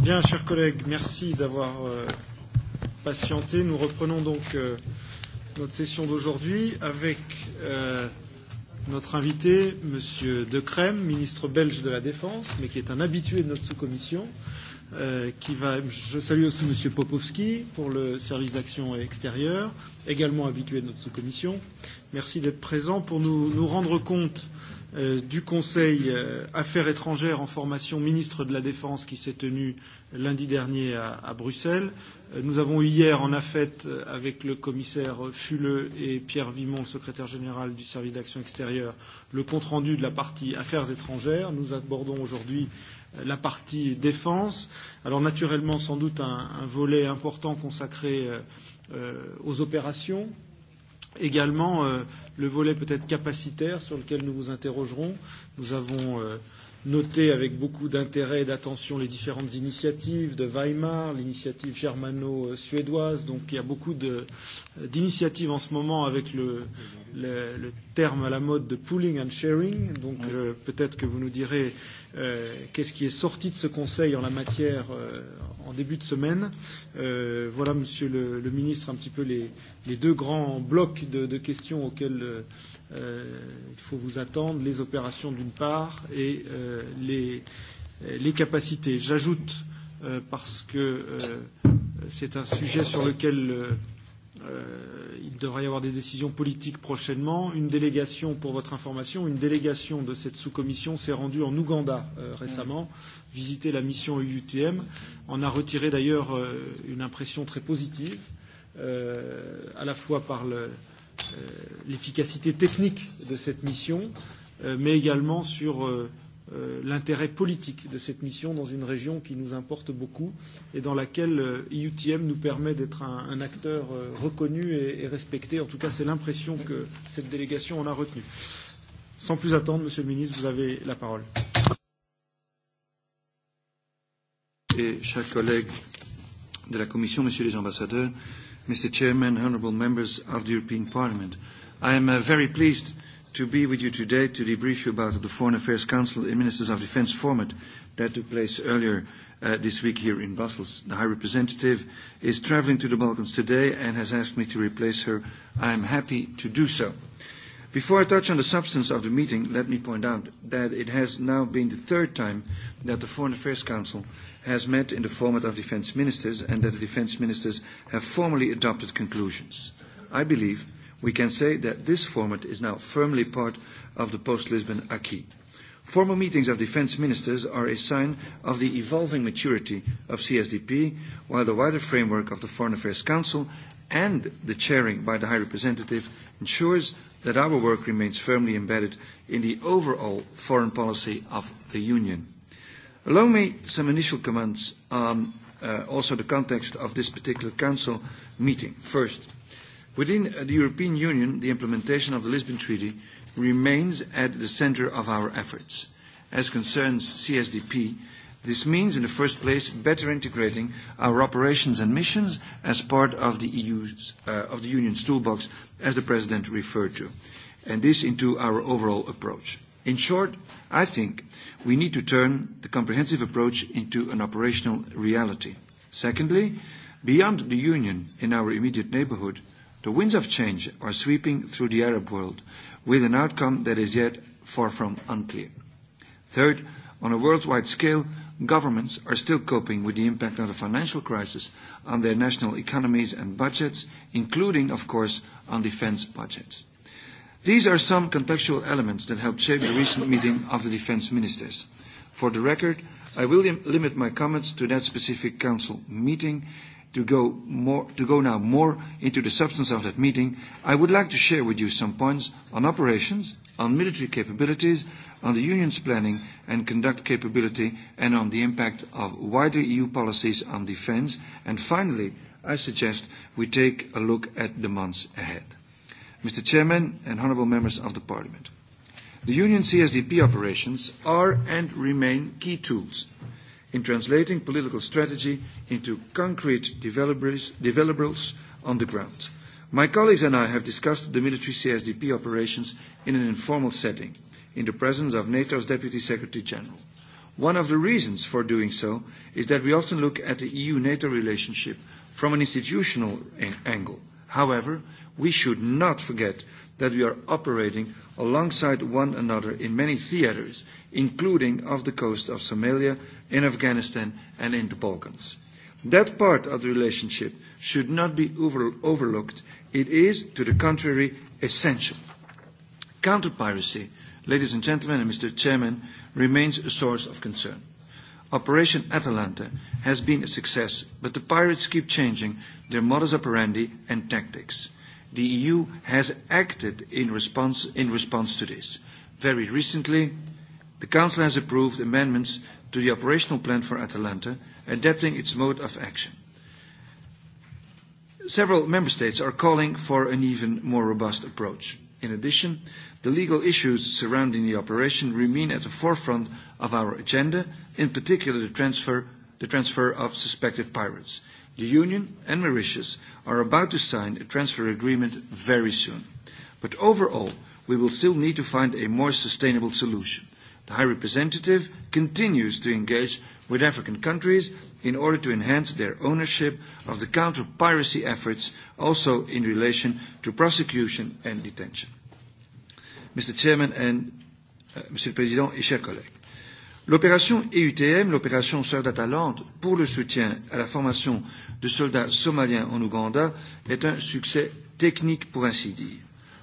Bien, chers collègues, merci d'avoir euh, patienté. Nous reprenons donc euh, notre session d'aujourd'hui avec euh, notre invité, M. De Crème, ministre belge de la Défense, mais qui est un habitué de notre sous-commission. Euh, qui va, je salue aussi M. Popovski pour le service d'action extérieure, également habitué de notre sous-commission. Merci d'être présent pour nous, nous rendre compte euh, du Conseil Affaires étrangères en formation ministre de la Défense qui s'est tenu lundi dernier à, à Bruxelles. Nous avons eu hier en AFET avec le commissaire Fuleux et Pierre Vimon, le secrétaire général du service d'action extérieure, le compte-rendu de la partie Affaires étrangères. Nous abordons aujourd'hui la partie défense. Alors naturellement sans doute un, un volet important consacré euh, aux opérations Également, euh, le volet peut-être capacitaire sur lequel nous vous interrogerons. Nous avons euh, noté avec beaucoup d'intérêt et d'attention les différentes initiatives de Weimar, l'initiative germano-suédoise. Donc il y a beaucoup d'initiatives en ce moment avec le, le, le terme à la mode de pooling and sharing. Donc euh, peut-être que vous nous direz qu'est-ce qui est sorti de ce Conseil en la matière en début de semaine. voilà, Monsieur le, le ministre, un petit peu les, les deux grands blocs de, de questions auxquels euh, il faut vous attendre, les opérations d'une part et euh, les, les capacités. J'ajoute, euh, parce que euh, c'est un sujet sur lequel euh, il devrait y avoir des décisions politiques prochainement. Une délégation, pour votre information, une délégation de cette sous-commission s'est rendue en Ouganda euh, récemment, visiter la mission UUTM en a retiré d'ailleurs euh, une impression très positive, euh, à la fois par le, euh, l'efficacité technique de cette mission, euh, mais également sur euh, l'intérêt politique de cette mission dans une région qui nous importe beaucoup et dans laquelle IUTM nous permet d'être un, un acteur reconnu et, et respecté. En tout cas, c'est l'impression que cette délégation en a retenue. Sans plus attendre, Monsieur le Ministre, vous avez la parole. Et chers collègues de la Commission, Messieurs les ambassadeurs, Mr. Chairman, honorable members of the European Parliament, I am very pleased to be with you today to debrief you about the Foreign Affairs Council and Ministers of Defence format that took place earlier uh, this week here in Brussels. The High Representative is travelling to the Balkans today and has asked me to replace her. I am happy to do so. Before I touch on the substance of the meeting, let me point out that it has now been the third time that the Foreign Affairs Council has met in the format of Defence ministers and that the Defence ministers have formally adopted conclusions. I believe we can say that this format is now firmly part of the post-Lisbon acquis. Formal meetings of defence ministers are a sign of the evolving maturity of CSDP, while the wider framework of the Foreign Affairs Council and the chairing by the High Representative ensures that our work remains firmly embedded in the overall foreign policy of the Union. Allow me some initial comments on also the context of this particular Council meeting. First, Within the European Union, the implementation of the Lisbon Treaty remains at the centre of our efforts. As concerns CSDP, this means, in the first place, better integrating our operations and missions as part of the, EU's, uh, of the Union's toolbox, as the President referred to, and this into our overall approach. In short, I think we need to turn the comprehensive approach into an operational reality. Secondly, beyond the Union in our immediate neighbourhood, The winds of change are sweeping through the Arab world, with an outcome that is yet far from unclear. Third, on a worldwide scale, governments are still coping with the impact of the financial crisis on their national economies and budgets, including, of course, on defence budgets. These are some contextual elements that helped shape the recent meeting of the defence ministers. For the record, I will limit my comments to that specific council meeting, to go, more, to go now more into the substance of that meeting, I would like to share with you some points on operations, on military capabilities, on the Union's planning and conduct capability, and on the impact of wider EU policies on defence. And finally, I suggest we take a look at the months ahead. Mr. Chairman and honourable members of the Parliament, the Union CSDP operations are and remain key tools in translating political strategy into concrete deliverables on the ground. My colleagues and I have discussed the military CSDP operations in an informal setting, in the presence of NATO's Deputy Secretary General. One of the reasons for doing so is that we often look at the EU-NATO relationship from an institutional angle. However, we should not forget that we are operating alongside one another in many theatres, including off the coast of Somalia, in Afghanistan, and in the Balkans. That part of the relationship should not be overlooked. It is, to the contrary, essential. Counter piracy, ladies and gentlemen, and Mr. Chairman, remains a source of concern. Operation Atalanta has been a success, but the pirates keep changing their modus operandi and tactics the EU has acted in response, in response to this. Very recently, the Council has approved amendments to the operational plan for Atalanta, adapting its mode of action. Several member states are calling for an even more robust approach. In addition, the legal issues surrounding the operation remain at the forefront of our agenda, in particular the transfer, the transfer of suspected pirates. The Union and Mauritius are about to sign a transfer agreement very soon. But overall, we will still need to find a more sustainable solution. The High Representative continues to engage with African countries in order to enhance their ownership of the counter-piracy efforts, also in relation to prosecution and detention. Mr. Chairman and uh, Mr. President, chers collègues, L'opération EUTM, l'opération Sœur d'Atalante, pour le soutien à la formation de soldats somaliens en Ouganda, est un succès technique pour ainsi dire.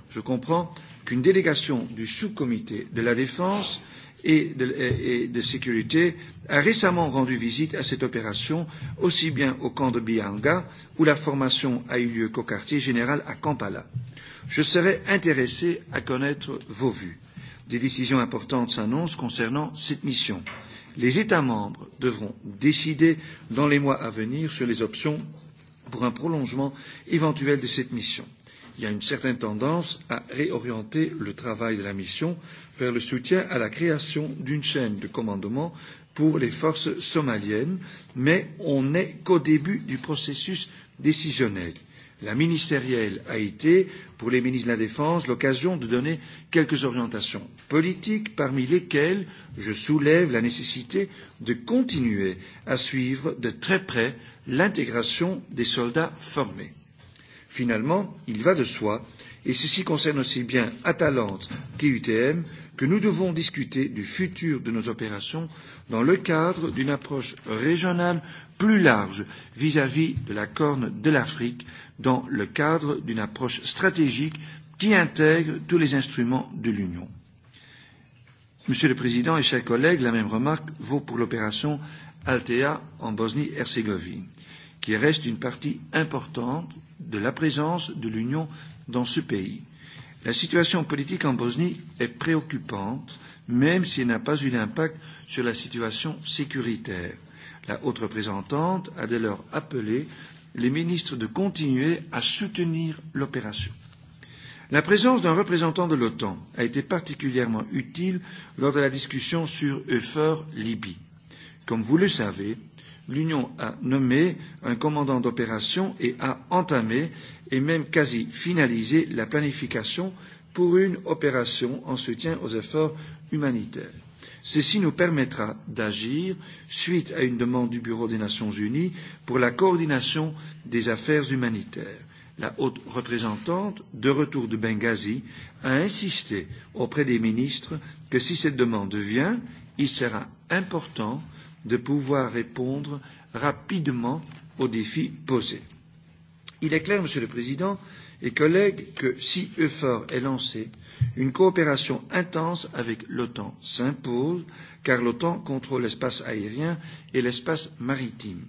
Je comprends qu'une délégation du sous-comité de la défense et de, et de sécurité a récemment rendu visite à cette opération, aussi bien au camp de Bianga, où la formation a eu lieu qu'au quartier général à Kampala. Je serais intéressé à connaître vos vues des décisions importantes s'annoncent concernant cette mission. Les États membres devront décider dans les mois à venir sur les options pour un prolongement éventuel de cette mission. Il y a une certaine tendance à réorienter le travail de la mission vers le soutien à la création d'une chaîne de commandement pour les forces somaliennes, mais on n'est qu'au début du processus décisionnel la ministérielle a été, pour les ministres de la Défense, l'occasion de donner quelques orientations politiques, parmi lesquelles je soulève la nécessité de continuer à suivre de très près l'intégration des soldats formés. Finalement, il va de soi et ceci concerne aussi bien Atalante qu'UTM, que nous devons discuter du futur de nos opérations dans le cadre d'une approche régionale plus large vis-à-vis de la Corne de l'Afrique, dans le cadre d'une approche stratégique qui intègre tous les instruments de l'Union. Monsieur le Président et chers collègues, la même remarque vaut pour l'opération Altea en Bosnie-Herzégovine, qui reste une partie importante de la présence de l'Union dans ce pays. La situation politique en Bosnie est préoccupante, même si elle n'a pas eu d'impact sur la situation sécuritaire. La haute représentante a dès lors appelé les ministres de continuer à soutenir l'opération. La présence d'un représentant de l'OTAN a été particulièrement utile lors de la discussion sur Euphor Libye. Comme vous le savez, l'Union a nommé un commandant d'opération et a entamé et même quasi finalisé la planification pour une opération en soutien aux efforts humanitaires. Ceci nous permettra d'agir suite à une demande du Bureau des Nations Unies pour la coordination des affaires humanitaires. La haute représentante, de retour de Benghazi, a insisté auprès des ministres que si cette demande vient, il sera important de pouvoir répondre rapidement aux défis posés. Il est clair, Monsieur le Président et collègues, que si EFOR est lancé, une coopération intense avec l'OTAN s'impose, car l'OTAN contrôle l'espace aérien et l'espace maritime.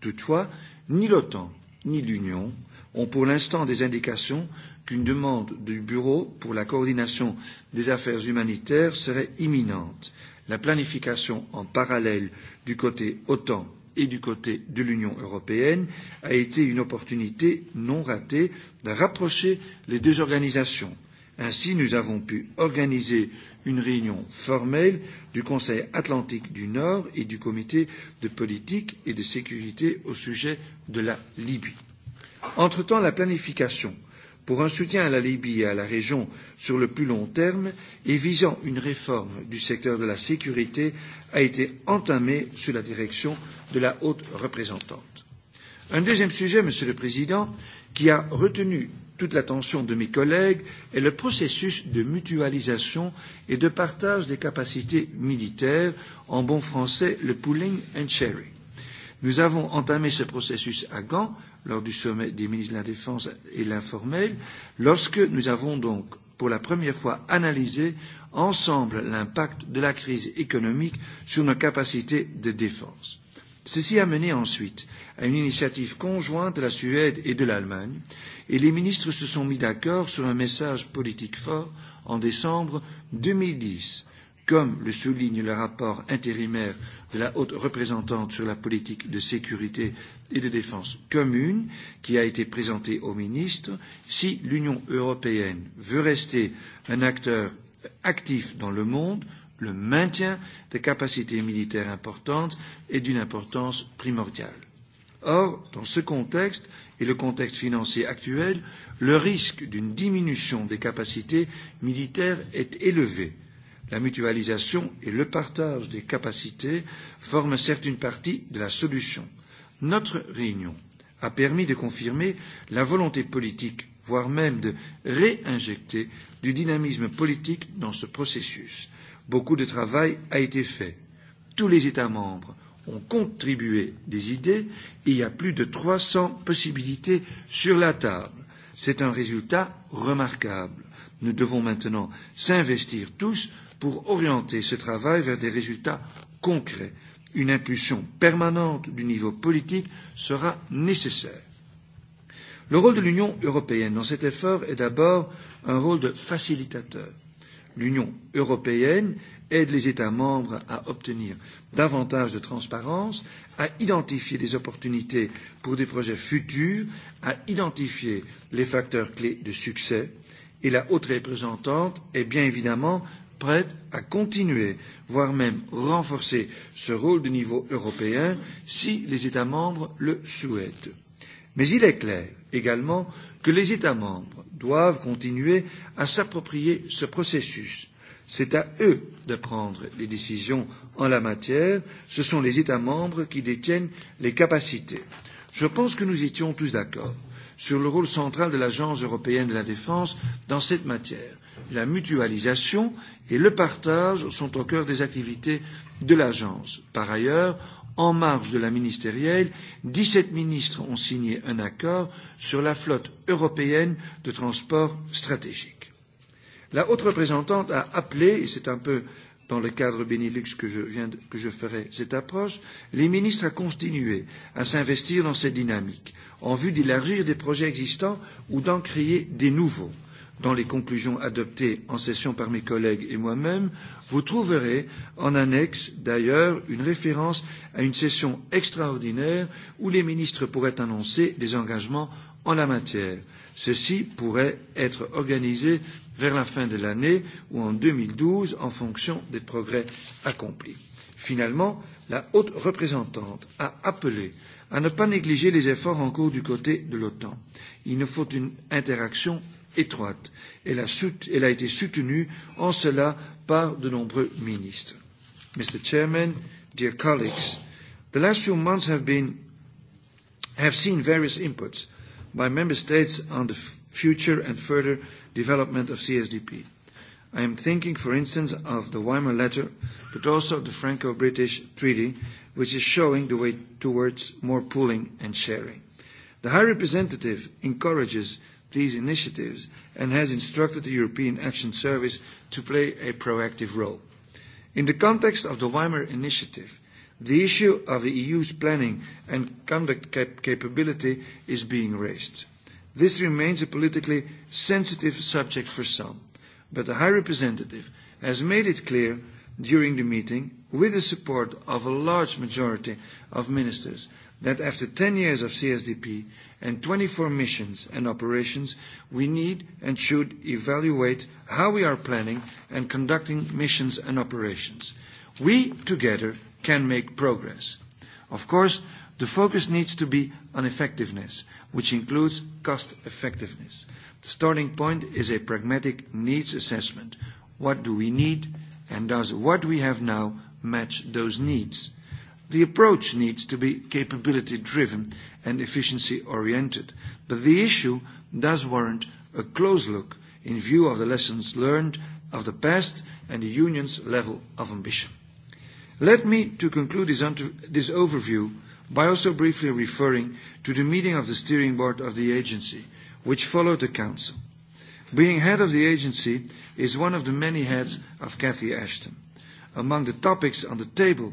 Toutefois, ni l'OTAN ni l'Union ont pour l'instant des indications qu'une demande du Bureau pour la coordination des affaires humanitaires serait imminente la planification en parallèle du côté OTAN et du côté de l'Union européenne a été une opportunité non ratée de rapprocher les deux organisations. Ainsi, nous avons pu organiser une réunion formelle du Conseil atlantique du Nord et du Comité de politique et de sécurité au sujet de la Libye. Entre-temps, la planification pour un soutien à la Libye et à la région sur le plus long terme et visant une réforme du secteur de la sécurité a été entamé sous la direction de la haute représentante. Un deuxième sujet, Monsieur le Président, qui a retenu toute l'attention de mes collègues est le processus de mutualisation et de partage des capacités militaires, en bon français le pooling and sharing. Nous avons entamé ce processus à Gand lors du sommet des ministres de la Défense et l'informel, lorsque nous avons donc pour la première fois analysé ensemble l'impact de la crise économique sur nos capacités de défense. Ceci a mené ensuite à une initiative conjointe de la Suède et de l'Allemagne, et les ministres se sont mis d'accord sur un message politique fort en décembre 2010, comme le souligne le rapport intérimaire de la haute représentante sur la politique de sécurité et de défense commune qui a été présentée aux ministres, si l'Union européenne veut rester un acteur actif dans le monde, le maintien des capacités militaires importantes est d'une importance primordiale. Or, dans ce contexte et le contexte financier actuel, le risque d'une diminution des capacités militaires est élevé. La mutualisation et le partage des capacités forment certes une partie de la solution. Notre réunion a permis de confirmer la volonté politique, voire même de réinjecter du dynamisme politique dans ce processus. Beaucoup de travail a été fait. Tous les États membres ont contribué des idées et il y a plus de 300 possibilités sur la table. C'est un résultat remarquable. Nous devons maintenant s'investir tous pour orienter ce travail vers des résultats concrets une impulsion permanente du niveau politique sera nécessaire. Le rôle de l'Union européenne dans cet effort est d'abord un rôle de facilitateur. L'Union européenne aide les États membres à obtenir davantage de transparence, à identifier des opportunités pour des projets futurs, à identifier les facteurs clés de succès, et la haute représentante est bien évidemment prête à continuer, voire même renforcer ce rôle de niveau européen si les États membres le souhaitent. Mais il est clair également que les États membres doivent continuer à s'approprier ce processus. C'est à eux de prendre les décisions en la matière, ce sont les États membres qui détiennent les capacités. Je pense que nous étions tous d'accord sur le rôle central de l'Agence européenne de la défense dans cette matière la mutualisation et le partage sont au cœur des activités de l'agence. Par ailleurs, en marge de la ministérielle, 17 ministres ont signé un accord sur la flotte européenne de transport stratégique. La haute représentante a appelé, et c'est un peu dans le cadre Benelux que je, viens de, que je ferai cette approche, les ministres à continuer à s'investir dans cette dynamique en vue d'élargir des projets existants ou d'en créer des nouveaux dans les conclusions adoptées en session par mes collègues et moi-même, vous trouverez en annexe d'ailleurs une référence à une session extraordinaire où les ministres pourraient annoncer des engagements en la matière. Ceci pourrait être organisé vers la fin de l'année ou en deux mille douze en fonction des progrès accomplis. Finalement, la haute représentante a appelé à ne pas négliger les efforts en cours du côté de l'OTAN. Il nous faut une interaction étroite. Elle a, elle a été soutenue en cela par de nombreux ministres. Mr. Chairman, dear colleagues, the last few months have, been, have seen various inputs by member states on the future and further development of CSDP. I am thinking, for instance, of the Weimar Letter, but also of the Franco-British Treaty, which is showing the way towards more pooling and sharing. The High Representative encourages these initiatives and has instructed the European Action Service to play a proactive role. In the context of the Weimar Initiative, the issue of the EU's planning and conduct cap- capability is being raised. This remains a politically sensitive subject for some, but the High Representative has made it clear during the meeting, with the support of a large majority of ministers, that after ten years of CSDP, and 24 missions and operations, we need and should evaluate how we are planning and conducting missions and operations. We together can make progress. Of course, the focus needs to be on effectiveness, which includes cost effectiveness. The starting point is a pragmatic needs assessment. What do we need, and does what we have now match those needs? The approach needs to be capability driven and efficiency-oriented. But the issue does warrant a close look in view of the lessons learned of the past and the Union's level of ambition. Let me, to conclude this, this overview, by also briefly referring to the meeting of the steering board of the agency, which followed the council. Being head of the agency is one of the many heads of Cathy Ashton. Among the topics on the table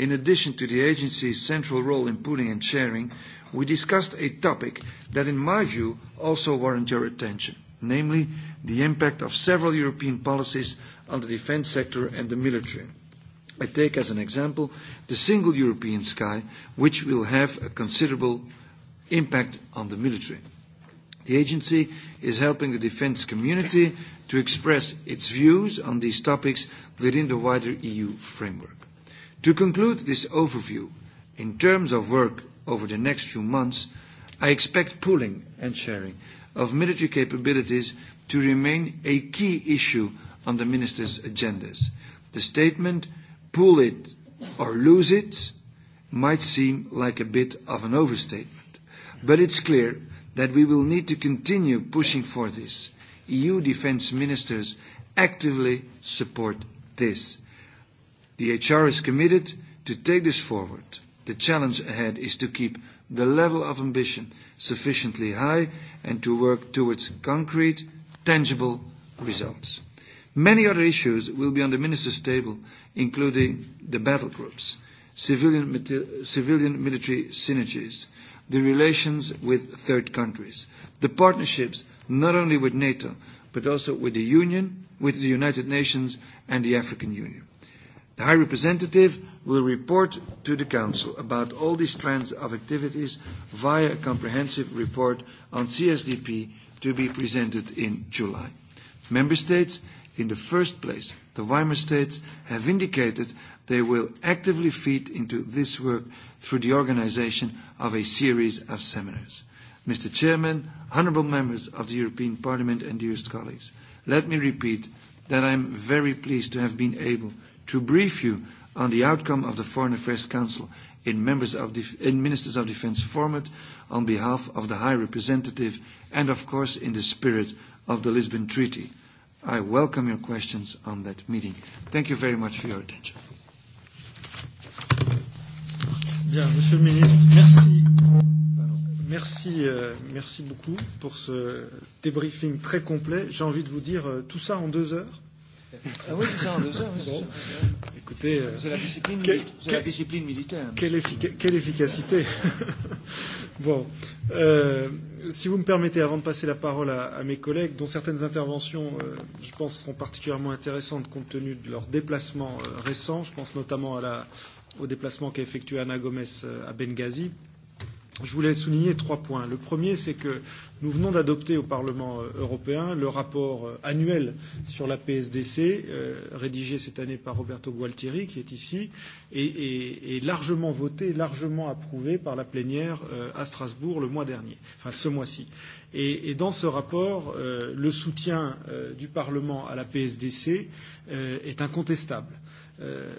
In addition to the agency's central role in pooling and sharing, we discussed a topic that, in my view, also warrants your attention, namely the impact of several European policies on the defence sector and the military. I take as an example the single European sky, which will have a considerable impact on the military. The agency is helping the defence community to express its views on these topics within the wider EU framework. To conclude this overview, in terms of work over the next few months, I expect pooling and sharing of military capabilities to remain a key issue on the ministers' agendas. The statement, "Pool it or lose it," might seem like a bit of an overstatement, but it's clear that we will need to continue pushing for this. EU defence ministers actively support this. The HR is committed to take this forward. The challenge ahead is to keep the level of ambition sufficiently high and to work towards concrete, tangible results. Many other issues will be on the Minister's table, including the battle groups, civilian military synergies, the relations with third countries, the partnerships not only with NATO, but also with the Union, with the United Nations and the African Union. The High Representative will report to the Council about all these trends of activities via a comprehensive report on CSDP to be presented in July. Member States, in the first place, the Weimar States, have indicated they will actively feed into this work through the organisation of a series of seminars. Mr. Chairman, honourable members of the European Parliament and dearest colleagues, let me repeat that I am very pleased to have been able to brief you on the outcome of the Foreign Affairs Council in, members of Def- in Ministers of Defense format on behalf of the High Representative and, of course, in the spirit of the Lisbon Treaty. I welcome your questions on that meeting. Thank you very much for your attention. Bien, Monsieur le Ministre, merci. Merci, euh, merci beaucoup pour ce débriefing très complet. J'ai envie de vous dire euh, tout ça en deux heures. Ah oui, c'est ça, on le Oui, Écoutez, c'est la, que, la discipline militaire. Quelle, effic quelle efficacité Bon, euh, si vous me permettez, avant de passer la parole à, à mes collègues, dont certaines interventions, euh, je pense, seront particulièrement intéressantes compte tenu de leurs déplacements euh, récents, je pense notamment à la, au déplacement qu'a effectué Anna Gomes à Benghazi je voulais souligner trois points. Le premier, c'est que nous venons d'adopter au Parlement européen le rapport annuel sur la PSDC, euh, rédigé cette année par Roberto Gualtieri, qui est ici, et, et, et largement voté, largement approuvé par la plénière euh, à Strasbourg le mois dernier, enfin ce mois-ci. Et, et dans ce rapport, euh, le soutien euh, du Parlement à la PSDC euh, est incontestable. Euh,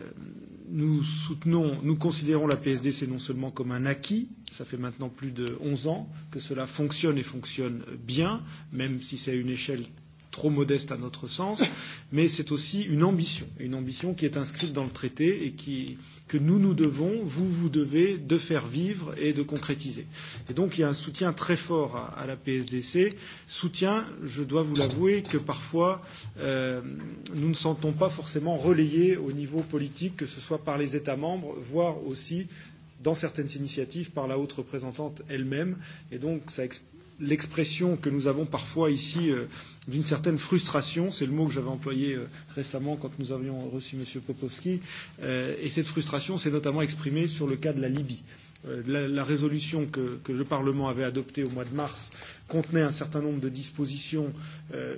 Nous soutenons, nous considérons la PSDC non seulement comme un acquis, ça fait maintenant plus de 11 ans que cela fonctionne et fonctionne bien, même si c'est à une échelle trop modeste à notre sens, mais c'est aussi une ambition, une ambition qui est inscrite dans le traité et qui, que nous nous devons, vous vous devez de faire vivre et de concrétiser. Et donc il y a un soutien très fort à, à la PSDC, soutien, je dois vous l'avouer, que parfois euh, nous ne sentons pas forcément relayé au niveau politique, que ce soit par les États membres, voire aussi dans certaines initiatives par la haute représentante elle-même. Et donc ça explique l'expression que nous avons parfois ici d'une certaine frustration, c'est le mot que j'avais employé récemment quand nous avions reçu M. Popovski, et cette frustration s'est notamment exprimée sur le cas de la Libye. La, la résolution que, que le Parlement avait adoptée au mois de mars contenait un certain nombre de dispositions euh,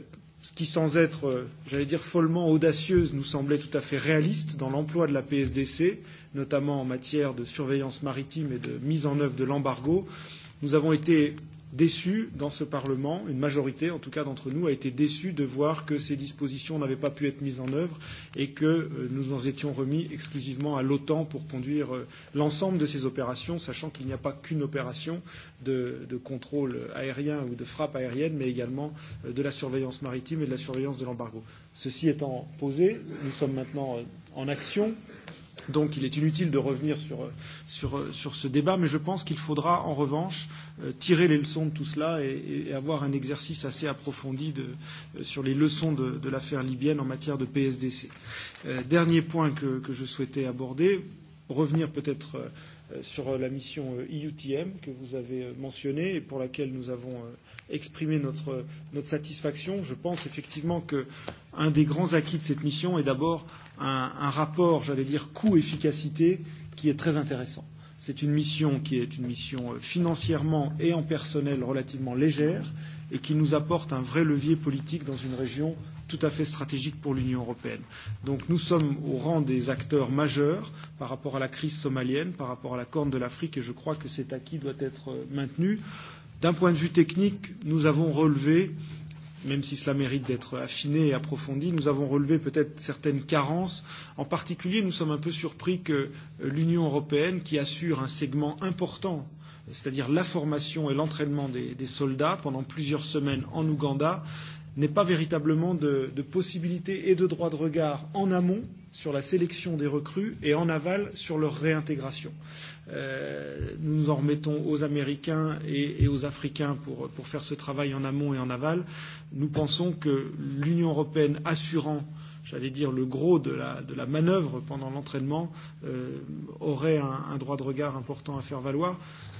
qui, sans être, j'allais dire, follement audacieuse, nous semblait tout à fait réaliste dans l'emploi de la PSDC, notamment en matière de surveillance maritime et de mise en œuvre de l'embargo. Nous avons été déçus dans ce Parlement, une majorité en tout cas d'entre nous a été déçue de voir que ces dispositions n'avaient pas pu être mises en œuvre et que nous en étions remis exclusivement à l'OTAN pour conduire l'ensemble de ces opérations, sachant qu'il n'y a pas qu'une opération de, de contrôle aérien ou de frappe aérienne, mais également de la surveillance maritime et de la surveillance de l'embargo. Ceci étant posé, nous sommes maintenant en action Donc il est inutile de revenir sur, sur, sur ce débat, mais je pense qu'il faudra en revanche tirer les leçons de tout cela et, et avoir un exercice assez approfondi de, sur les leçons de, de l'affaire libyenne en matière de PSDC. Euh, dernier point que, que je souhaitais aborder, revenir peut-être sur la mission IUTM que vous avez mentionnée et pour laquelle nous avons exprimé notre, notre satisfaction. Je pense effectivement qu'un des grands acquis de cette mission est d'abord euh, un, un rapport, j'allais dire, coût-efficacité qui est très intéressant. C'est une mission qui est une mission financièrement et en personnel relativement légère et qui nous apporte un vrai levier politique dans une région tout à fait stratégique pour l'Union européenne. Donc nous sommes au rang des acteurs majeurs par rapport à la crise somalienne, par rapport à la Corne de l'Afrique et je crois que cet acquis doit être maintenu. D'un point de vue technique, nous avons relevé euh, même si cela mérite d'être affiné et approfondi, nous avons relevé peut-être certaines carences. En particulier, nous sommes un peu surpris que l'Union européenne, qui assure un segment important c'est-à-dire la formation et l'entraînement des, des soldats pendant plusieurs semaines en Ouganda, n'ait pas véritablement de, de possibilité et de droit de regard en amont sur la sélection des recrues et en aval sur leur réintégration nous en remettons aux Américains et, et aux Africains pour, pour faire ce travail en amont et en aval. Nous pensons que l'Union européenne assurant j'allais dire, le gros de la, de la manœuvre pendant l'entraînement euh, aurait un, un droit de regard important à faire valoir.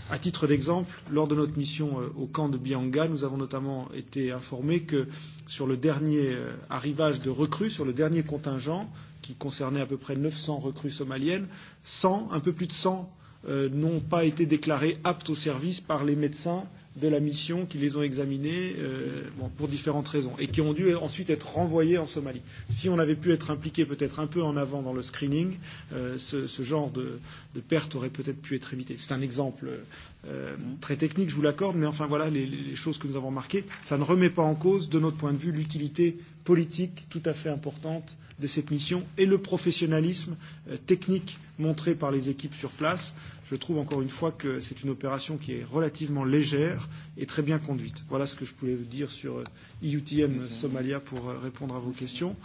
À titre d'exemple, lors de notre mission euh, au camp de Bianga, nous avons notamment été informés que sur le dernier euh, arrivage de recrues, sur le dernier contingent, qui concernait à peu près 900 recrues somaliennes, 100, un peu plus de 100 n'ont pas été déclarés aptes au service par les médecins de la mission qui les ont examinés euh, bon, pour différentes raisons et qui ont dû ensuite être renvoyés en Somalie. Si on avait pu être impliqué peut-être un peu en avant dans le screening, euh, ce, ce genre de, de perte aurait peut-être pu être évité. C'est un exemple euh, très technique, je vous l'accorde, mais enfin voilà les, les choses que nous avons marquées. Ça ne remet pas en cause, de notre point de vue, l'utilité politique tout à fait importante de cette mission et le professionnalisme euh, technique montré par les équipes sur place je trouve encore une fois que c'est une opération qui est relativement légère et très bien conduite. Voilà ce que je pouvais vous dire sur IUTM Somalia pour répondre à vos questions.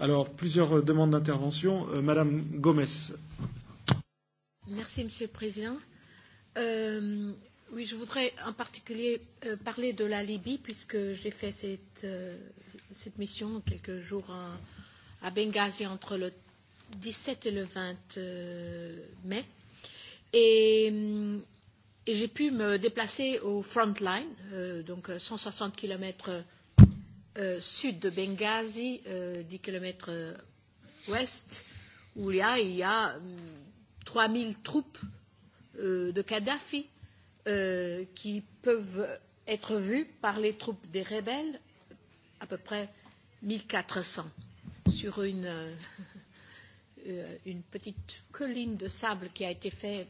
Alors, plusieurs demandes d'intervention. Euh, Madame Gomez. Merci, Monsieur le Président. Euh, oui, je voudrais en particulier euh, parler de la Libye, puisque j'ai fait cette, euh, cette mission quelques jours en, à Benghazi entre le 17 et le 20 mai. Euh, Et, et j'ai pu me déplacer au front line, euh, donc 160 km euh, sud de Benghazi, euh, 10 km ouest, où il y a, il y a 3000 troupes euh, de Kadhafi euh, qui peuvent être vues par les troupes des rebelles, à peu près 1400 sur une, Euh, une petite colline de sable qui a été faite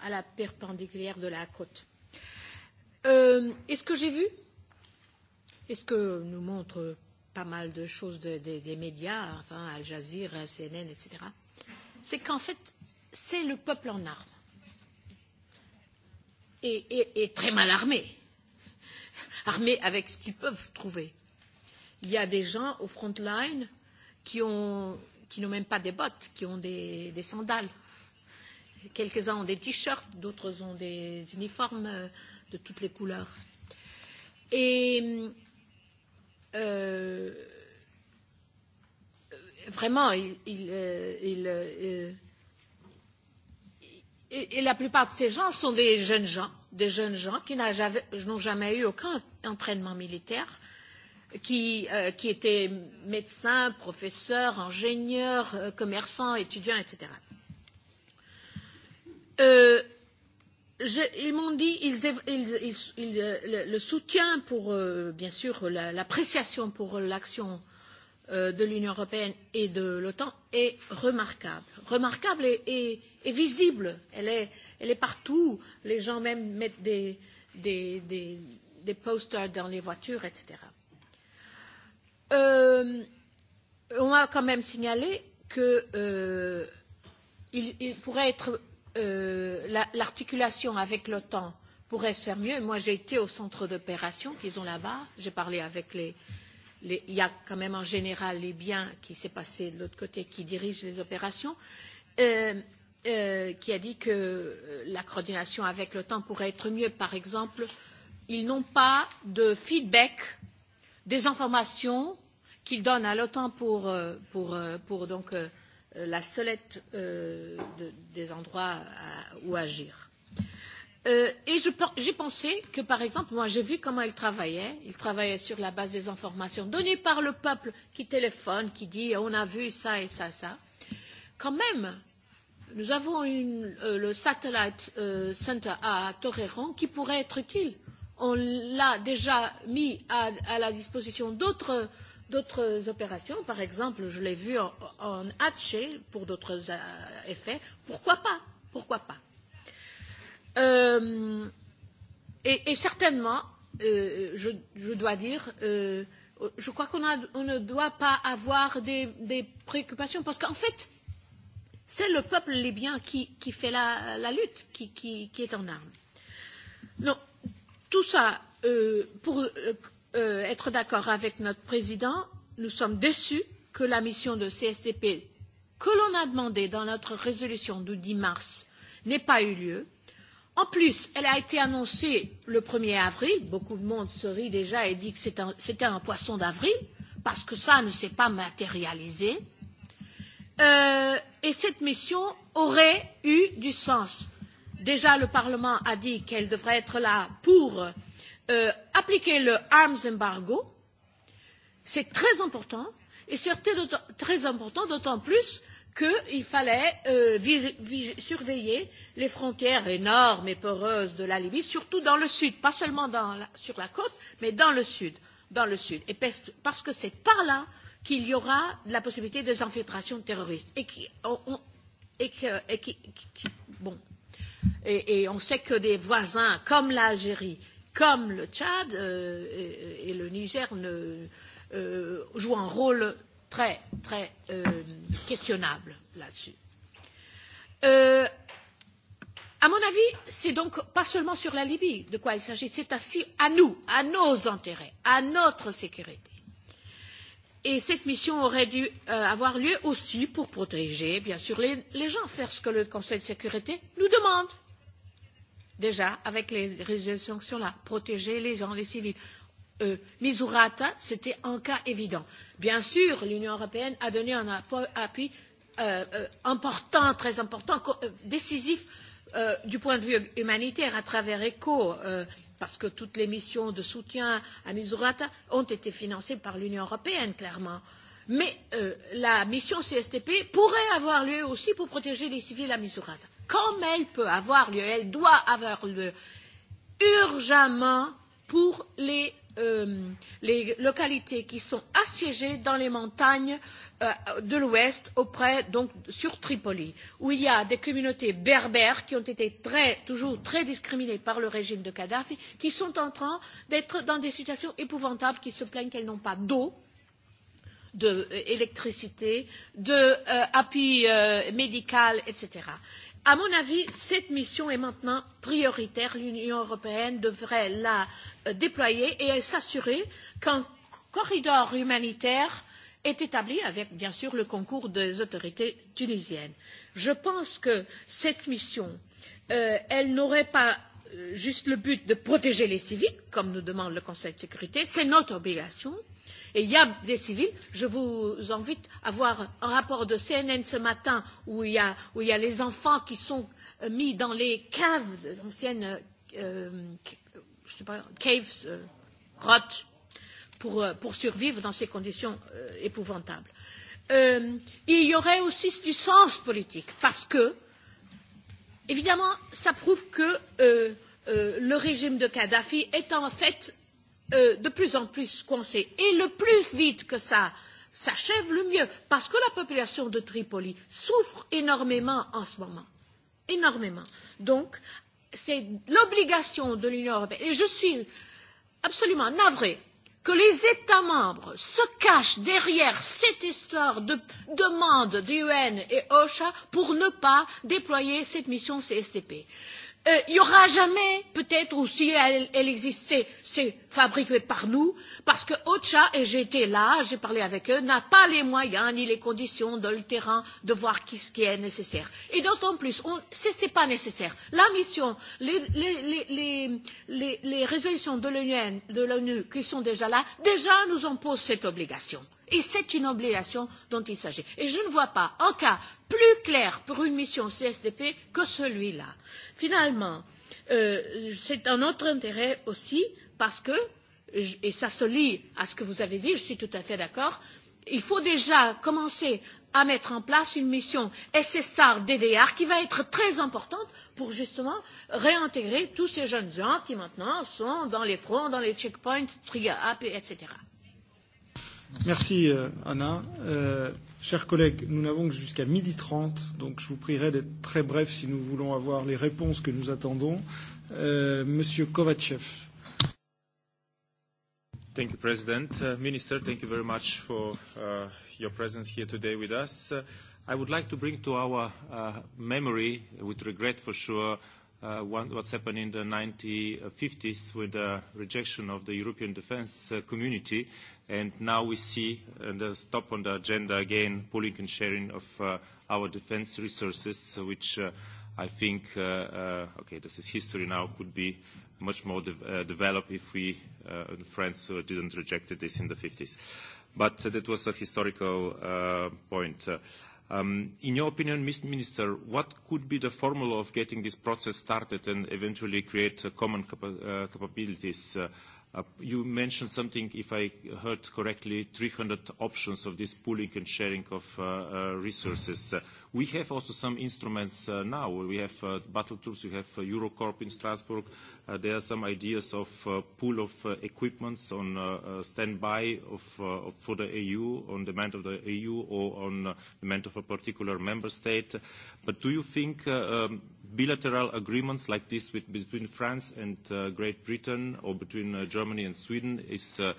à la perpendiculaire de la côte. Euh, et ce que j'ai vu, et ce que nous montrent pas mal de choses de, de, des médias, enfin Al Jazeera, CNN, etc., c'est qu'en fait, c'est le peuple en armes. Et, et, et très mal armé. Armé avec ce qu'ils peuvent trouver. Il y a des gens au front line qui ont qui n'ont même pas des bottes, qui ont des, des sandales. Quelques-uns ont des t-shirts, d'autres ont des uniformes de toutes les couleurs. Et euh, vraiment, il, il, il, euh, et, et la plupart de ces gens sont des jeunes gens, des jeunes gens qui n'ont jamais, jamais eu aucun entraînement militaire, euh, qui, étaient médecins, professeurs, ingénieurs, commerçants, étudiants, etc. ils m'ont dit le, soutien pour, bien sûr, l'appréciation pour l'action de l'Union européenne et de l'OTAN est remarquable. Remarquable et, visible. Elle est, partout. Les gens même mettent des, posters dans les voitures, etc on a quand même signalé que il, pourrait être l'articulation avec l'OTAN pourrait se faire mieux. Moi, j'ai été au centre d'opération qu'ils ont là-bas. J'ai parlé avec les, les. Il y a quand même en général les biens qui s'est passé de l'autre côté qui dirigent les opérations, euh, euh, qui a dit que la coordination avec l'OTAN pourrait être mieux. Par exemple, ils n'ont pas de feedback des informations qu'il donne à l'OTAN pour, pour, pour donc la solette euh, de, des endroits à, où agir. Euh, et j'ai pensé que, par exemple, moi j'ai vu comment il travaillait, il travaillait sur la base des informations données par le peuple qui téléphone, qui dit on a vu ça et ça, ça. Quand même, nous avons une, euh, le Satellite euh, Center à Torreron qui pourrait être utile on l'a déjà mis à, à la disposition d'autres d'autres opérations, par exemple, je l'ai vu en, en Hatché pour d'autres effets, pourquoi pas Pourquoi pas euh, et, et certainement, euh, je, je dois dire, euh, je crois qu'on on ne doit pas avoir des, des préoccupations parce qu'en fait, c'est le peuple libyen qui, qui fait la, la lutte, qui, qui, qui est en armes. Non, Tout ça, pour être d'accord avec notre président, nous sommes déçus que la mission de CSDP que l'on a demandée dans notre résolution du dix mars n'ait pas eu lieu. En plus, elle a été annoncée le 1er avril. Beaucoup de monde se rit déjà et dit que c'était un, poisson d'avril, parce que cela ne s'est pas matérialisé. et cette mission aurait eu du sens Déjà, le Parlement a dit qu'elle devrait être là pour appliquer le arms embargo. C'est très important et c'est très important d'autant plus qu'il fallait surveiller les frontières énormes et poreuses de la Libye, surtout dans le sud, pas seulement sur la côte, mais dans le sud, dans le sud, et parce que c'est par là qu'il y aura la possibilité des infiltrations terroristes et qui, bon, Et, et on sait que des voisins comme l'Algérie, comme le Tchad euh, et, et le Niger ne, euh, jouent un rôle très, très euh, questionnable là-dessus. Euh, à mon avis, c'est donc pas seulement sur la Libye de quoi il s'agit, c'est aussi à nous, à nos intérêts, à notre sécurité Et cette mission aurait dû avoir lieu aussi pour protéger, bien sûr, les, gens, faire ce que le Conseil de sécurité nous demande. Déjà, avec les résolutions là, protéger les gens, les civils. Euh, Misurata, c'était un cas évident. Bien sûr, l'Union européenne a donné un appui important, très important, décisif du point de vue humanitaire à travers ECHO, parce que toutes les missions de soutien à Misurata ont été financées par l'Union européenne, clairement. Mais la mission CSTP pourrait avoir lieu aussi pour protéger les civils à Misurata. Comme elle peut avoir lieu, elle doit avoir lieu urgemment pour les les localités qui sont assiégées dans les montagnes de l'Ouest, auprès donc sur Tripoli, où il y a des communautés berbères qui ont été toujours très discriminées par le régime de Kadhafi, qui sont en train d'être dans des situations épouvantables, qui se plaignent qu'elles n'ont pas d'eau, d'électricité, d'appui médical, etc. À mon avis, cette mission est maintenant prioritaire. L'Union européenne devrait la déployer et s'assurer qu'un corridor humanitaire est établi avec, bien sûr, le concours des autorités tunisiennes. Je pense que cette mission, n'aurait pas juste le but de protéger les civils, comme nous demande le Conseil de sécurité, c'est notre obligation. Et il y a des civils, je vous invite à voir un rapport de CNN ce matin où il y a, les enfants qui sont mis dans les caves, anciennes je sais pas, caves, grottes, pour, survivre dans ces conditions épouvantables. il y aurait aussi du sens politique, parce que Évidemment, cela prouve que le régime de Kadhafi est en fait de plus en plus coincé. Et le plus vite que ça s'achève, le mieux. Parce que la population de Tripoli souffre énormément en ce moment. Énormément. Donc, c'est l'obligation de l'Union européenne. Et je suis absolument navrée que les États membres se cachent derrière cette histoire de demande de et OSHA pour ne pas déployer cette mission CSTP il n'y aura jamais, peut-être, ou si elle, elle existait, c'est fabriqué par nous, parce que OCHA, et j'étais là, j'ai parlé avec eux, n'a pas les moyens ni les conditions dans le terrain de voir ce qui est nécessaire. Et d'autant plus, ce n'est pas nécessaire. La mission, les, les, les, les, les résolutions de l'ONU qui sont déjà là, déjà nous imposent cette obligation. Et c'est une obligation dont il s'agit. Et je ne vois pas un cas plus clair pour une mission CSDP que celui-là. Finalement, c'est un autre intérêt aussi parce que, et cela se lie à ce que vous avez dit, je suis tout à fait d'accord, il faut déjà commencer à mettre en place une mission SSR DDR qui va être très importante pour justement réintégrer tous ces jeunes gens qui maintenant sont dans les fronts, dans les checkpoints, TRIA, etc. Merci euh, Anna. Euh, chers collègues, nous n'avons que jusqu'à midi 30, donc je vous prierai d'être très bref si nous voulons avoir les réponses que nous attendons. Euh, Monsieur Kovachev. Thank you, President. Uh, Minister, thank you very much for uh, your presence here today with us. Uh, I would like to bring to our uh, memory, with regret for sure, what's happened in the 1950s with the rejection of the European defence community. And now we see, and the top on the agenda again, pooling and sharing of our defence resources, which I think, okay, this is history now, could be much more developed if we in France didn't reject this in the 50s. But that was a historical point in your opinion, Mr. Minister, what could be the formula of getting this process started and eventually create common capabilities uh, You mentioned something, if I heard correctly, 300 options of this pooling and sharing of resources. We have also some instruments now. We have battle troops, we have EuroCorp in Strasbourg. There are some ideas of pool of equipments on standby for the EU, on demand of the EU, or on demand of a particular member state. But do you think bilateral agreements like this with, between France and uh, Great Britain or between uh, Germany and Sweden is uh,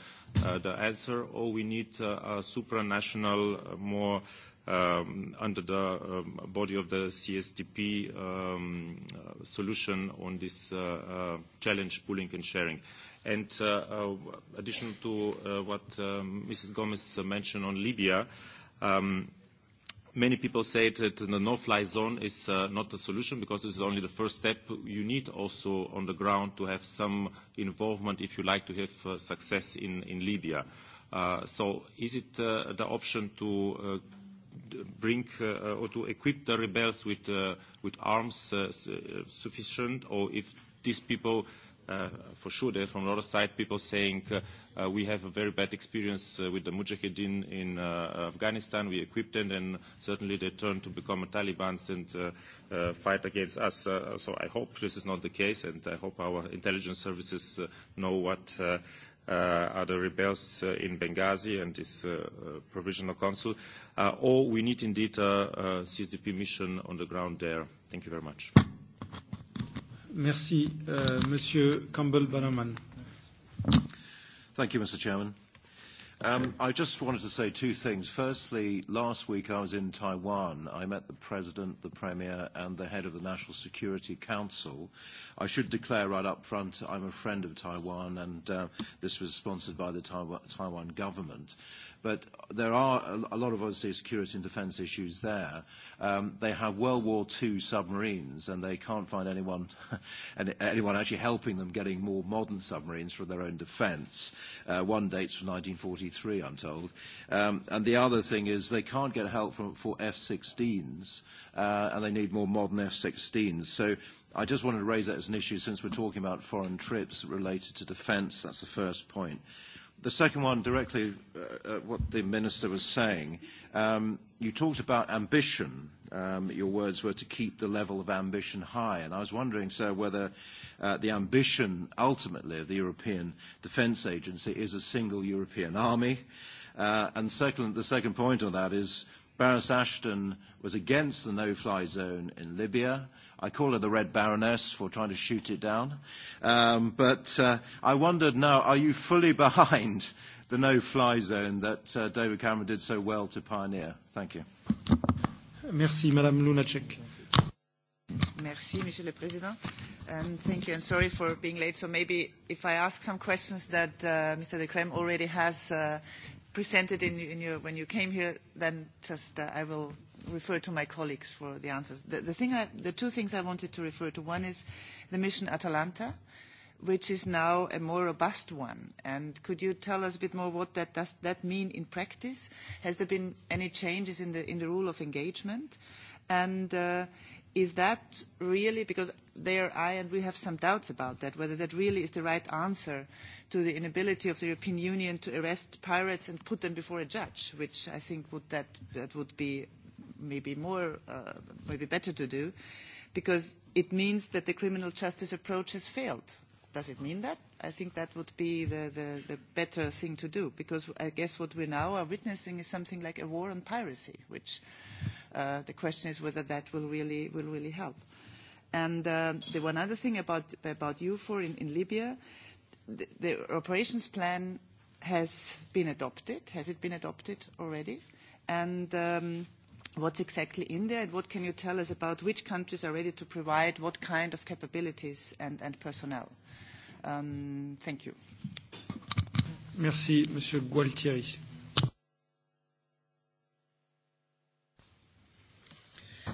uh, the answer, or we need uh, a supranational, uh, more um, under the um, body of the CSDP um, uh, solution on this uh, uh, challenge, pooling and sharing. And uh, uh, addition to uh, what um, Mrs. Gomez mentioned on Libya, um, Many people say that the no-fly zone is uh, not the solution because this is only the first step. You need also on the ground to have some involvement if you like to have uh, success in, in Libya. Uh, so is it uh, the option to uh, bring uh, or to equip the rebels with, uh, with arms uh, sufficient or if these people uh, for sure there from our side people saying uh, we have a very bad experience uh, with the Mujahideen in uh, Afghanistan, we equipped them and certainly they turn to become Taliban and uh, uh, fight against us. Uh, so I hope this is not the case and I hope our intelligence services uh, know what uh, uh, are the rebels uh, in Benghazi and this uh, uh, provisional council, uh, or we need indeed a, a CSDP mission on the ground there. Thank you very much. Merci, uh, Monsieur Campbell Bannerman. Thank you, Mr. Chairman. Um, I just wanted to say two things. Firstly, last week I was in Taiwan. I met the President, the Premier, and the head of the National Security Council. I should declare right up front I'm a friend of Taiwan, and uh, this was sponsored by the Taiwan government but there are a lot of, obviously, security and defence issues there. Um, they have World War II submarines, and they can't find anyone, anyone actually helping them getting more modern submarines for their own defence. Uh, one dates from 1943, I'm told. Um, and the other thing is they can't get help from, for F-16s, uh, and they need more modern F-16s. So I just wanted to raise that as an issue since we're talking about foreign trips related to defence. That's the first point. The second one, directly uh, what the Minister was saying. Um, you talked about ambition. Um, your words were to keep the level of ambition high. And I was wondering, sir, whether uh, the ambition ultimately of the European Defence Agency is a single European army. Uh, and second, the second point on that is uh, Baroness Ashton was against the no-fly zone in Libya. I call her the Red Baroness for trying to shoot it down. Um, but uh, I wondered now, are you fully behind the no-fly zone that uh, David Cameron did so well to pioneer? Thank you. Merci, Madame Lunacek. Merci, Monsieur le Président. Um, thank you, and sorry for being late. So maybe if I ask some questions that uh, Mr. de Krem already has uh, presented in, in your, when you came here, then just uh, I will refer to my colleagues for the answers. The, the, thing I, the two things I wanted to refer to, one is the mission Atalanta, which is now a more robust one. And could you tell us a bit more what that does that mean in practice? Has there been any changes in the, in the rule of engagement? And uh, Is that really, because there I and we have some doubts about that, whether that really is the right answer to the inability of the European Union to arrest pirates and put them before a judge, which I think would, that, that would be maybe more, uh, maybe better to do, because it means that the criminal justice approach has failed. Does it mean that? I think that would be the, the, the better thing to do, because I guess what we now are witnessing is something like a war on piracy, which The question is whether that will really will really help. And The one other thing about EUFOR in Libya, the operations plan has been adopted. Has it been adopted already? And What's exactly in there, and what can you tell us about which countries are ready to provide what kind of capabilities and personnel? Thank you. Merci, Monsieur Gualtieri.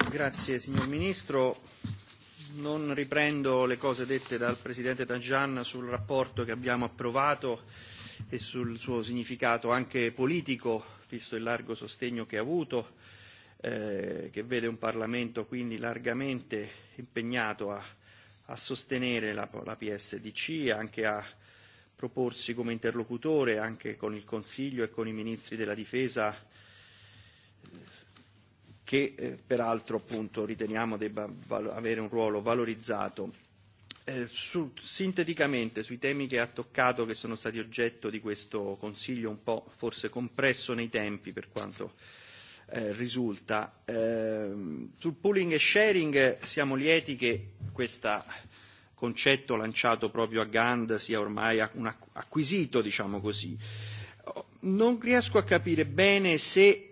Grazie signor Ministro. Non riprendo le cose dette dal Presidente Tangian sul rapporto che abbiamo approvato e sul suo significato anche politico, visto il largo sostegno che ha avuto, eh, che vede un Parlamento quindi largamente impegnato a, a sostenere la, la PSDC, anche a proporsi come interlocutore anche con il Consiglio e con i Ministri della Difesa che peraltro appunto riteniamo debba avere un ruolo valorizzato. sinteticamente sui temi che ha toccato, che sono stati oggetto di questo consiglio un po' forse compresso nei tempi per quanto risulta. sul pooling e sharing siamo lieti che questo concetto lanciato proprio a Gand sia ormai acquisito, diciamo così. Non riesco a capire bene se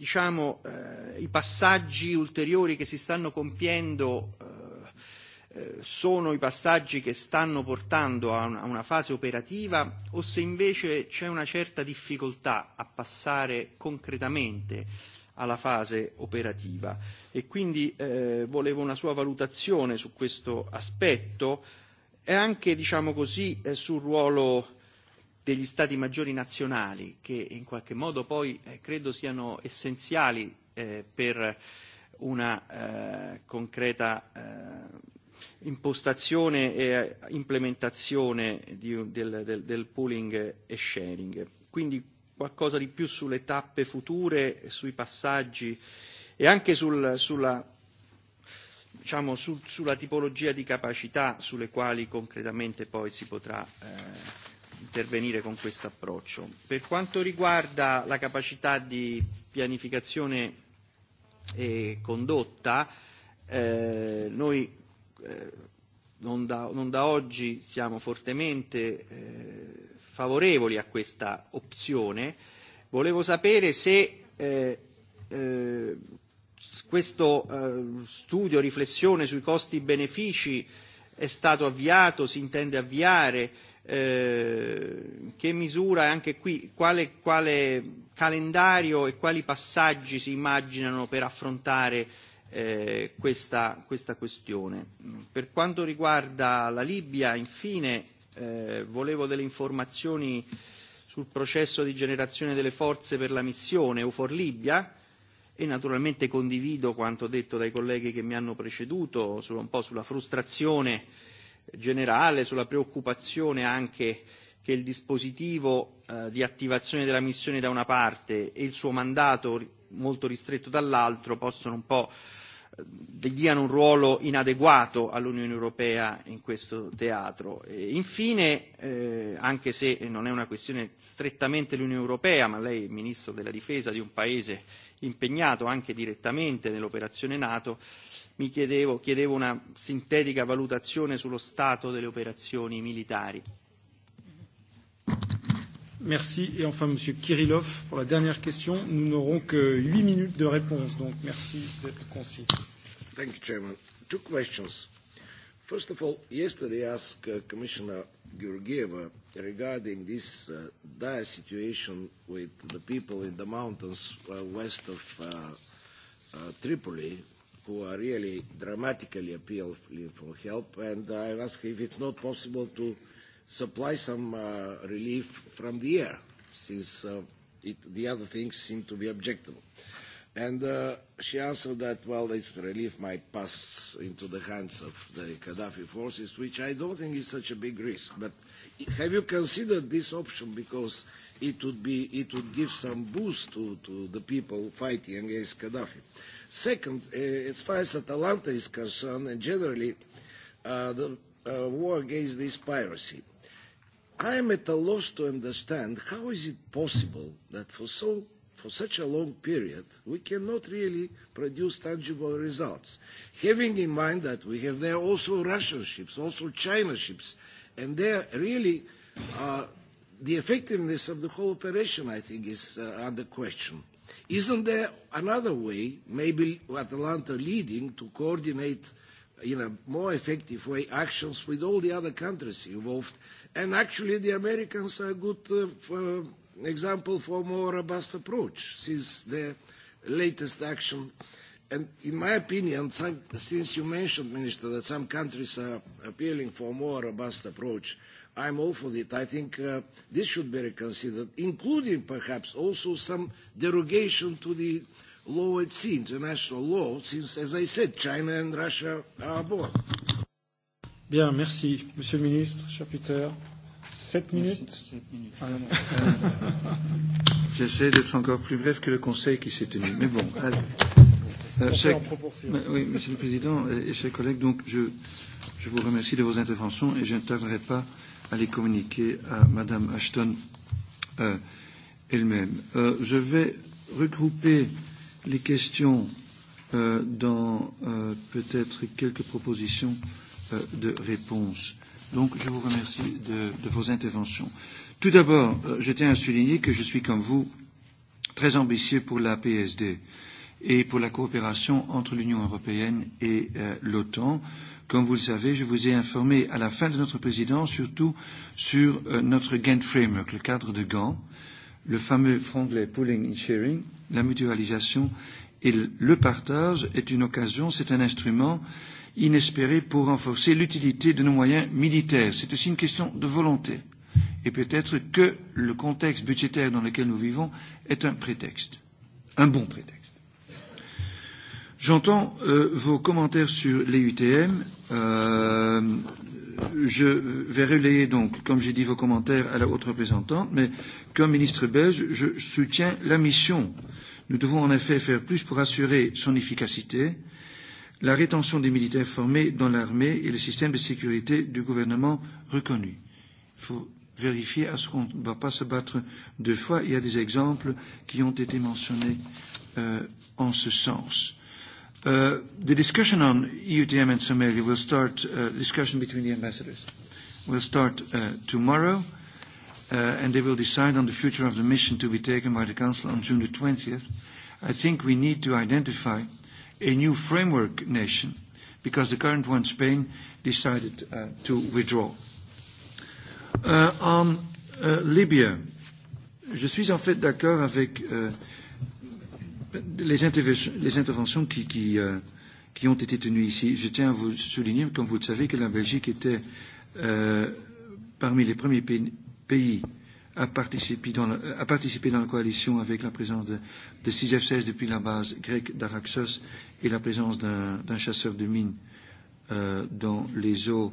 diciamo, eh, i passaggi ulteriori che si stanno compiendo eh, sono i passaggi che stanno portando a una, a una fase operativa o se invece c'è una certa difficoltà a passare concretamente alla fase operativa e quindi eh, volevo una sua valutazione su questo aspetto e anche diciamo così, eh, sul ruolo degli Stati maggiori nazionali, che in qualche modo poi eh, credo siano essenziali eh, per una eh, concreta eh, impostazione e implementazione di, del, del, del pooling e sharing. Quindi qualcosa di più sulle tappe future, sui passaggi e anche sul, sulla, diciamo, su, sulla tipologia di capacità sulle quali concretamente poi si potrà eh, intervenire con questo approccio. Per quanto riguarda la capacità di pianificazione e condotta, eh, noi eh, non, da, non da oggi siamo fortemente eh, favorevoli a questa opzione. Volevo sapere se eh, eh, questo eh, studio, riflessione sui costi-benefici è stato avviato, si intende avviare, che misura e anche qui quale, quale calendario e quali passaggi si immaginano per affrontare eh, questa, questa questione. Per quanto riguarda la Libia, infine, eh, volevo delle informazioni sul processo di generazione delle forze per la missione EUFOR Libia e naturalmente condivido quanto detto dai colleghi che mi hanno preceduto su, un po' sulla frustrazione eh, generale, sulla preoccupazione anche che il dispositivo eh, di attivazione della missione da una parte e il suo mandato molto ristretto dall'altro possono un po' diano un ruolo inadeguato all'Unione Europea in questo teatro. E infine, eh, anche se non è una questione strettamente l'Unione Europea, ma lei è Ministro della Difesa di un Paese impegnato anche direttamente nell'operazione Nato, mi chiedevo, chiedevo una sintetica valutazione sullo stato delle operazioni militari. Merci. Et enfin, Monsieur Kirillov, pour la dernière question, nous n'aurons que huit minutes de réponse, donc merci d'être concis. Thank you, Chairman. Two questions. First of all, yesterday I asked uh, Commissioner Georgieva regarding this uh, dire situation with the people in the mountains uh, west of uh, uh, Tripoli who are really dramatically appealing for help, and I ask if it's not possible to supply some uh, relief from the air, since uh, it, the other things seem to be objectable. And uh, she answered that, well, this relief might pass into the hands of the Gaddafi forces, which I don't think is such a big risk. But have you considered this option? Because it would, be, it would give some boost to, to the people fighting against Gaddafi. Second, uh, as far as Atalanta is concerned, and generally uh, the uh, war against this piracy, I am at a loss to understand how is it possible that for so for such a long period, we cannot really produce tangible results. Having in mind that we have there also Russian ships, also China ships, and they are really uh, the effectiveness of the whole operation, I think, is uh, under question. Isn't there another way, maybe Atalanta leading, to coordinate in a more effective way actions with all the other countries involved? And actually, the Americans are a good uh, for example for a more robust approach, since their latest action uh, And in my opinion, some, since you mentioned, Minister, that some countries are appealing for a more robust approach, I'm all for it. I think uh, this should be reconsidered, including perhaps also some derogation to the law at sea, international law, since, as I said, China and Russia are aboard. Bien, merci, Monsieur le Ministre, cher Peter. Sept minutes. J'essaie d'être encore plus bref que le Conseil qui s'est tenu. Mais bon, allez. Chers, oui, Monsieur le Président et chers collègues, donc je, je vous remercie de vos interventions et je n'interviendrai pas à les communiquer à Madame Ashton euh, elle-même. Euh, je vais regrouper les questions euh, dans euh, peut-être quelques propositions euh, de réponse. Donc je vous remercie de, de vos interventions. Tout d'abord, euh, je tiens à souligner que je suis comme vous très ambitieux pour la PSD. Euh, et pour la coopération entre l'Union européenne et euh, l'OTAN. Comme vous le savez, je vous ai informé à la fin de notre présidence surtout sur euh, notre Gantt Framework, le cadre de Gantt, le fameux franglais pooling and sharing, la mutualisation et le partage est une occasion, c'est un instrument inespéré pour renforcer l'utilité de nos moyens militaires. C'est aussi une question de volonté. Et peut-être que le contexte budgétaire dans lequel nous vivons est un prétexte, un bon prétexte. J'entends euh, vos commentaires sur les UTM. Euh, je vais relayer donc, comme j'ai dit, vos commentaires à la haute représentante, mais comme ministre belge, je soutiens la mission. Nous devons en effet faire plus pour assurer son efficacité, la rétention des militaires formés dans l'armée et le système de sécurité du gouvernement reconnu. Il faut vérifier à ce qu'on ne va pas se battre deux fois. Il y a des exemples qui ont été mentionnés euh, en ce sens. The discussion on EUTM and Somalia will start, discussion between the ambassadors, will start tomorrow, and they will decide on the future of the mission to be taken by the Council on June the 20th. I think we need to identify a new framework nation because the current one, Spain, decided uh, to withdraw. Uh, on uh, Libya, je suis en fait d'accord avec les, interventions qui, ont été tenues ici, je tiens à vous souligner, comme vous le savez, que la Belgique était parmi les premiers pays à participer dans la, coalition avec la présence de, de six F-16 depuis la base grecque d'Araxos et la présence d'un chasseur de mines dans les eaux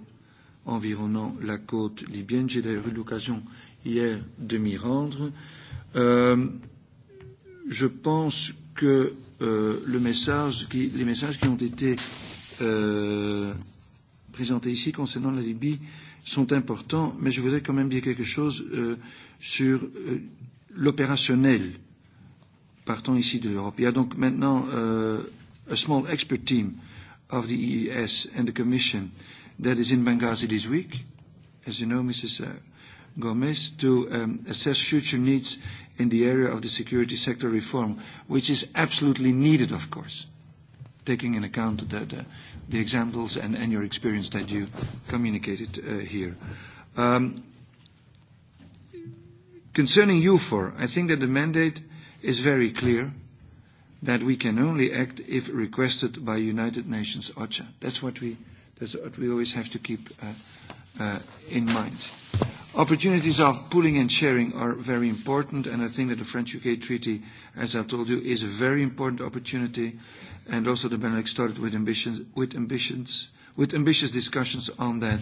environnant la côte libyenne. J'ai d'ailleurs eu l'occasion hier de m'y rendre. je pense que euh, le message qui, les messages qui ont été euh, présentés ici concernant la Libye sont importants, mais je voudrais quand même dire quelque chose euh, sur euh, l'opérationnel. Partant ici de l'Europe. Il y a donc maintenant euh, a small expert team of the EES and the Commission that is in Benghazi this week. As you know, Mrs. Gomes to um, assess future needs in the area of the security sector reform, which is absolutely needed, of course, taking in account the, the, the examples and, and your experience that you communicated uh, here. Um, concerning EUFOR, I think that the mandate is very clear that we can only act if requested by United Nations OCHA. That's what we, that's what we always have to keep uh, uh, in mind. Opportunities of pooling and sharing are very important, and I think that the French-UK treaty, as I told you, is a very important opportunity, and also the Benelux started with ambitions, with ambitions, with ambitious discussions on that,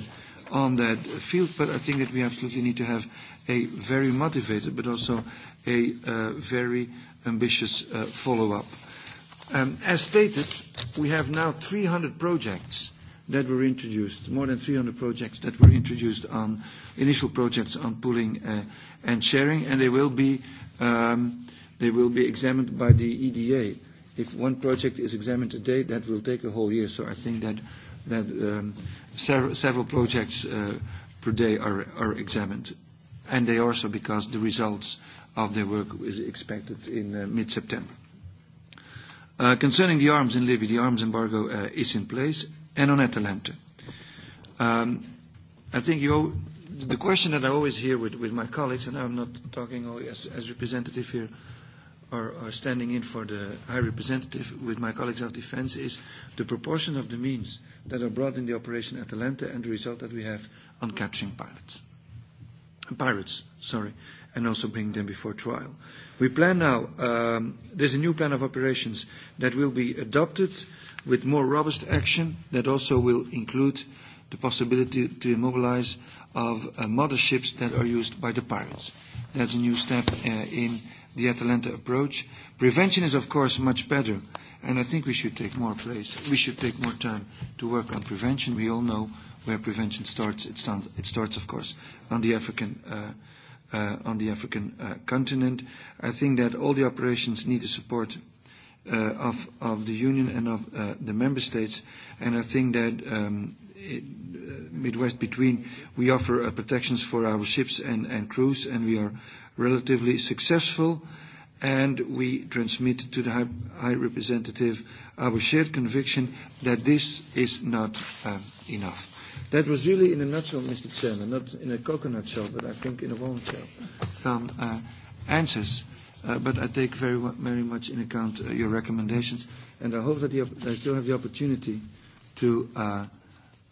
on that field. But I think that we absolutely need to have a very motivated, but also a uh, very ambitious uh, follow-up. Um, as stated, we have now 300 projects that were introduced, more than 300 projects that were introduced on initial projects on pooling and sharing, and they will be examined by the EDA. If one project is examined today, that will take a whole year. So I think that several projects per day are examined, and they also because the results of their work is expected in mid-September. Concerning the arms in Libya, the arms embargo is in place and on Atalanta. Um, I think you, all the question that I always hear with, with my colleagues, and I'm not talking only as, as representative here or, or standing in for the high representative with my colleagues of defense, is the proportion of the means that are brought in the operation Atalanta and the result that we have on capturing pilots. Pirates, sorry and also bring them before trial. We plan now, um, there's a new plan of operations that will be adopted with more robust action that also will include the possibility to immobilize of motherships mother ships that are used by the pirates. That's a new step uh, in the Atalanta approach. Prevention is, of course, much better, and I think we should take more place. We should take more time to work on prevention. We all know where prevention starts. It, it starts, of course, on the African uh, uh, on the African uh, continent. I think that all the operations need the support uh, of, the Union and of uh, the Member States, and I think that Midwest between, we offer uh, protections for our ships and, and crews, and we are relatively successful, and we transmit to the High, Representative our shared conviction that this is not enough. That was really, in a nutshell, Mr. Chairman, not in a coconut shell, but I think in a walnut shell, some uh, answers. Uh, but I take very, very much in account uh, your recommendations, and I hope that the have, I still have the opportunity to uh,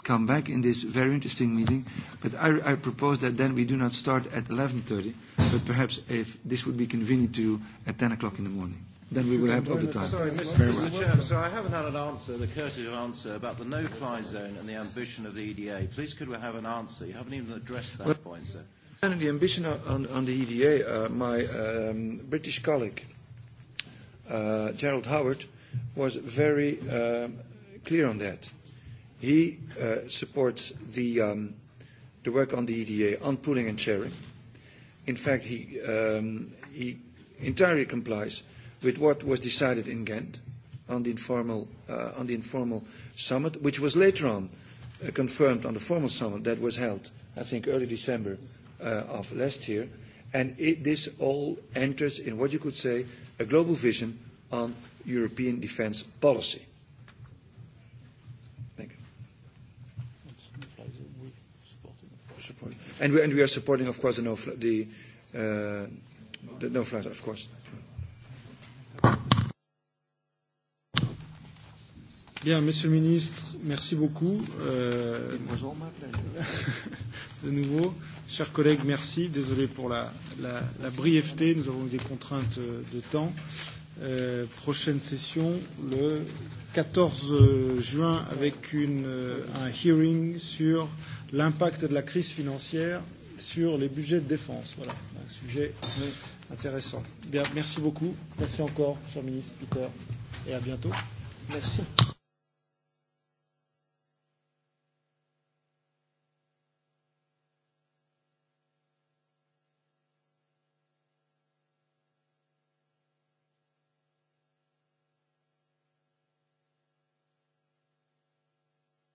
come back in this very interesting meeting. But I, I propose that then we do not start at 11.30, but perhaps if this would be convenient to you at 10 o'clock in the morning then we will have all the time. Sorry, Mr. Mr. Chairman, sorry, I haven't had an answer, the courtesy of answer about the no-fly zone and the ambition of the EDA. Please could we have an answer? You haven't even addressed that point, sir. And the ambition on, on the EDA, uh, my um, British colleague, uh, Gerald Howard, was very um, clear on that. He uh, supports the, um, the work on the EDA on pooling and sharing. In fact, he, um, he entirely complies with what was decided in Ghent on the informal, uh, on the informal summit, which was later on uh, confirmed on the formal summit that was held, I think, early December uh, of last year. And it, this all enters in what you could say a global vision on European defence policy. Thank you. And we, and we are supporting, of course, the no-fly, the, uh, the no-fly, of course. Bien, Monsieur le Ministre, merci beaucoup. Euh, de nouveau, chers collègues, merci. Désolé pour la, la, la brièveté. Nous avons eu des contraintes de temps. Euh, prochaine session le 14 juin avec une, un hearing sur l'impact de la crise financière sur les budgets de défense. Voilà, un sujet intéressant. Bien, merci beaucoup. Merci encore, cher ministre Peter, et à bientôt. Merci.